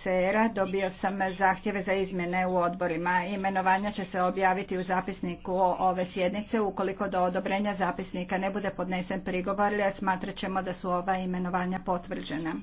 Cera, dobio sam zahtjeve za izmjene u odborima. Imenovanja će se objaviti u zapisniku ove sjednice. Ukoliko do odobrenja zapisnika ne bude podnesen prigovor, smatrat ćemo da su ova imenovanja potvrđena.